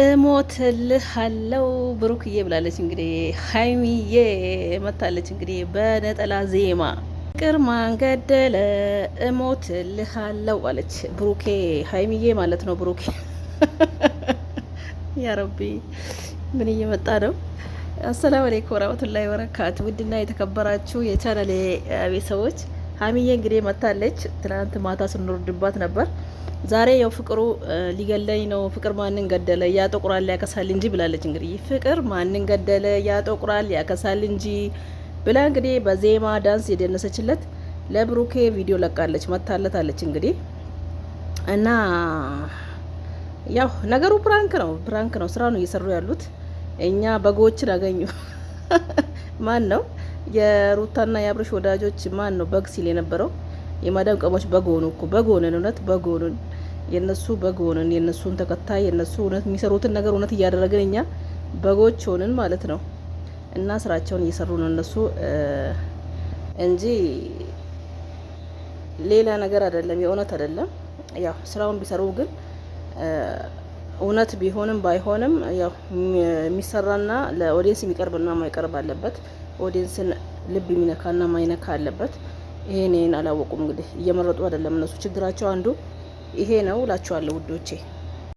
እሞትልሃለሁ ብሩክዬ ብላለች። እንግዲህ ሀይሚዬ መታለች። እንግዲህ በነጠላ ዜማ ፍቅር ማንገደለ እሞትልህ እሞትልሃለሁ አለች። ብሩኬ ሀይሚዬ ማለት ነው። ብሩኬ ያረቢ ምን እየመጣ ነው? አሰላሙ አለይኩም ወራህመቱላሂ ወበረካቱ። ውድና የተከበራችሁ የቻናሌ ቤተሰቦች ሀሚዬ እንግዲህ መታለች። ትናንት ማታ ስንወርድባት ነበር። ዛሬ ያው ፍቅሩ ሊገለኝ ነው፣ ፍቅር ማንን ገደለ ያጠቁራል ያከሳል እንጂ ብላለች። እንግዲህ ፍቅር ማንን ገደለ ያጠቁራል ያከሳል እንጂ ብላ እንግዲህ በዜማ ዳንስ የደነሰችለት ለብሩኬ ቪዲዮ ለቃለች፣ መታለታለች። እንግዲህ እና ያው ነገሩ ፕራንክ ነው፣ ፕራንክ ነው፣ ስራ ነው እየሰሩ ያሉት። እኛ በጎችን አገኙ ማን ነው የሩታና የአብርሽ ወዳጆች ማን ነው በግ ሲል የነበረው? የማዳም ቀሞች በግ ሆኑ እኮ በግ ሆነን፣ እውነት በግ ሆነን፣ የነሱ በግ ሆነን፣ የነሱን ተከታይ የነሱ እውነት የሚሰሩትን ነገር እውነት እያደረግን እኛ በጎች ሆንን ማለት ነው። እና ስራቸውን እየሰሩ ነው እነሱ እንጂ ሌላ ነገር አይደለም፣ የእውነት አይደለም። ያው ስራውን ቢሰሩ ግን እውነት ቢሆንም ባይሆንም ያው የሚሰራና ለኦዲየንስ የሚቀርብና ማይቀርብ አለበት። ኦዲየንስን ልብ የሚነካና ማይነካ አለበት። ይሄን ይሄን አላወቁም። እንግዲህ እየመረጡ አይደለም እነሱ። ችግራቸው አንዱ ይሄ ነው እላችኋለሁ ውዶቼ።